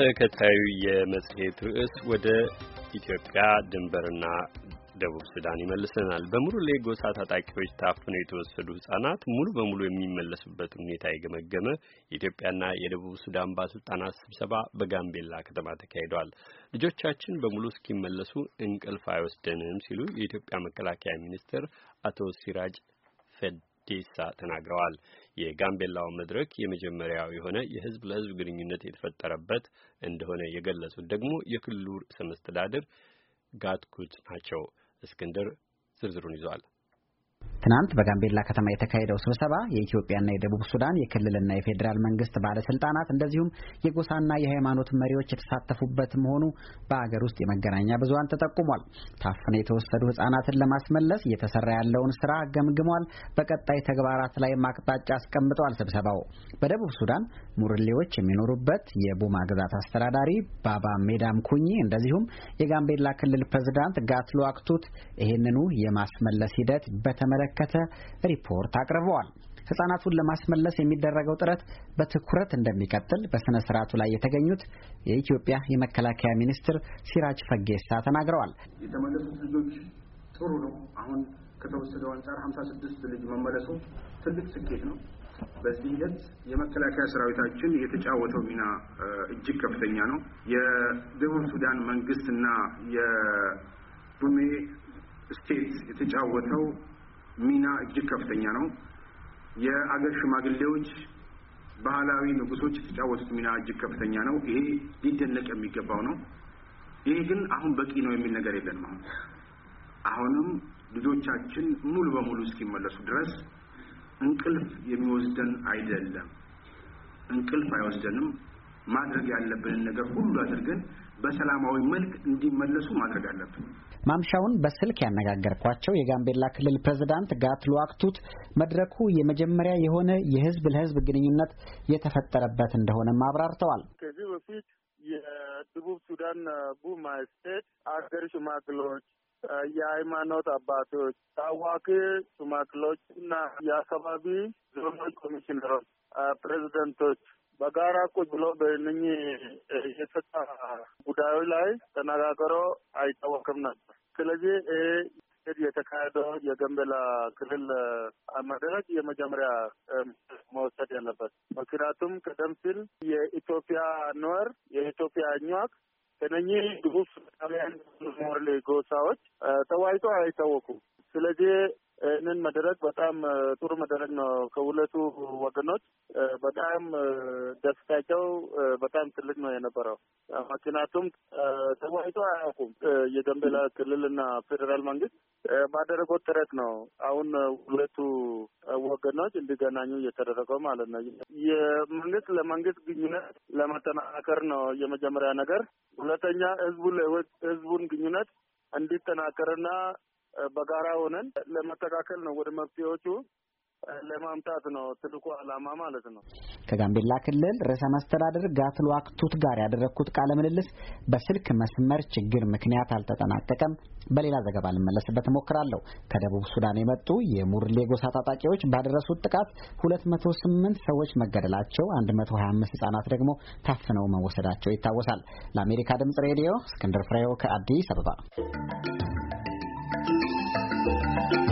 ተከታዩ የመጽሔት ርዕስ ወደ ኢትዮጵያ ድንበርና ደቡብ ሱዳን ይመልሰናል። በሙርሌ ጎሳ ታጣቂዎች ታፍነው የተወሰዱ ህጻናት ሙሉ በሙሉ የሚመለሱበት ሁኔታ የገመገመ የኢትዮጵያና የደቡብ ሱዳን ባለስልጣናት ስብሰባ በጋምቤላ ከተማ ተካሂዷል። ልጆቻችን በሙሉ እስኪመለሱ እንቅልፍ አይወስደንም ሲሉ የኢትዮጵያ መከላከያ ሚኒስትር አቶ ሲራጅ ፈድ ዴሳ ተናግረዋል። የጋምቤላው መድረክ የመጀመሪያው የሆነ የህዝብ ለህዝብ ግንኙነት የተፈጠረበት እንደሆነ የገለጹት ደግሞ የክልሉ ርዕሰ መስተዳድር ጋትኩት ናቸው። እስክንድር ዝርዝሩን ይዟል። ትናንት በጋምቤላ ከተማ የተካሄደው ስብሰባ የኢትዮጵያና የደቡብ ሱዳን የክልልና የፌዴራል መንግስት ባለስልጣናት እንደዚሁም የጎሳና የሃይማኖት መሪዎች የተሳተፉበት መሆኑ በአገር ውስጥ የመገናኛ ብዙሀን ተጠቁሟል። ታፍነ የተወሰዱ ህጻናትን ለማስመለስ እየተሰራ ያለውን ስራ ገምግሟል። በቀጣይ ተግባራት ላይ ማቅጣጫ አስቀምጠዋል። ስብሰባው በደቡብ ሱዳን ሙርሌዎች የሚኖሩበት የቡማ ግዛት አስተዳዳሪ ባባ ሜዳም ኩኝ እንደዚሁም የጋምቤላ ክልል ፕሬዝዳንት ጋትሎ አክቱት ይህንኑ የማስመለስ ሂደት በተመለ በተመለከተ ሪፖርት አቅርበዋል። ህጻናቱን ለማስመለስ የሚደረገው ጥረት በትኩረት እንደሚቀጥል በሥነ ሥርዓቱ ላይ የተገኙት የኢትዮጵያ የመከላከያ ሚኒስትር ሲራጅ ፈጌሳ ተናግረዋል። የተመለሱት ልጆች ጥሩ ነው። አሁን ከተወሰደው አንጻር ሀምሳ ስድስት ልጅ መመለሱ ትልቅ ስኬት ነው። በዚህ ሂደት የመከላከያ ሰራዊታችን የተጫወተው ሚና እጅግ ከፍተኛ ነው። የደቡብ ሱዳን መንግስት እና የቡሜ ስቴት የተጫወተው ሚና እጅግ ከፍተኛ ነው። የአገር ሽማግሌዎች፣ ባህላዊ ንጉሶች የተጫወቱት ሚና እጅግ ከፍተኛ ነው። ይሄ ሊደነቅ የሚገባው ነው። ይሄ ግን አሁን በቂ ነው የሚል ነገር የለንም። አሁን አሁንም ልጆቻችን ሙሉ በሙሉ እስኪመለሱ ድረስ እንቅልፍ የሚወስደን አይደለም። እንቅልፍ አይወስደንም። ማድረግ ያለብንን ነገር ሁሉ አድርገን በሰላማዊ መልክ እንዲመለሱ ማድረግ አለብን። ማምሻውን በስልክ ያነጋገርኳቸው የጋምቤላ ክልል ፕሬዝዳንት ጋትሎ አክቱት መድረኩ የመጀመሪያ የሆነ የህዝብ ለህዝብ ግንኙነት የተፈጠረበት እንደሆነም አብራርተዋል። ከዚህ በፊት የደቡብ ሱዳን ቡማ ስቴት አገር ሽማግሌዎች፣ የሃይማኖት አባቶች፣ ታዋቂ ሽማግሌዎች እና የአካባቢ ዞኖች ኮሚሽነሮች፣ ፕሬዚደንቶች በጋራ ቁጭ ብሎ በእነኚህ የጸጥታ ጉዳዩ ላይ ተነጋግሮ አይታወቅም ነበር። ስለዚህ ይሄ የተካሄደው የገንበላ ክልል መድረክ የመጀመሪያ መወሰድ ያለበት ምክንያቱም ቀደም ሲል የኢትዮጵያ ኖር የኢትዮጵያ ኟክ ከነኚህ ግዙፍ ጣሊያን ሞርሌ ጎሳዎች ተዋይቶ አይታወቁም። ስለዚህ ይህንን መደረግ በጣም ጥሩ መደረግ ነው። ከሁለቱ ወገኖች በጣም ደስታቸው በጣም ትልቅ ነው የነበረው። ምክንያቱም ተወያይቶ አያውቁም። የገንቤላ ክልልና ፌዴራል መንግስት ባደረገው ጥረት ነው አሁን ሁለቱ ወገኖች እንዲገናኙ እየተደረገው ማለት ነው። የመንግስት ለመንግስት ግንኙነት ለማጠናከር ነው የመጀመሪያ ነገር። ሁለተኛ ህዝቡ ለህዝቡን ግንኙነት እንዲጠናከርና በጋራ ሆነን ለመተካከል ነው ወደ መፍትሄዎቹ ለማምጣት ነው ትልቁ ዓላማ ማለት ነው። ከጋምቤላ ክልል ርዕሰ መስተዳድር ጋትሉዋክ አክቱት ጋር ያደረግኩት ቃለ ምልልስ በስልክ መስመር ችግር ምክንያት አልተጠናቀቀም። በሌላ ዘገባ ልመለስበት እሞክራለሁ። ከደቡብ ሱዳን የመጡ የሙርሌ ጎሳ ታጣቂዎች ባደረሱት ጥቃት 208 ሰዎች መገደላቸው፣ 125 ህጻናት ደግሞ ታፍነው መወሰዳቸው ይታወሳል። ለአሜሪካ ድምጽ ሬዲዮ እስክንድር ፍሬው ከአዲስ አበባ thank you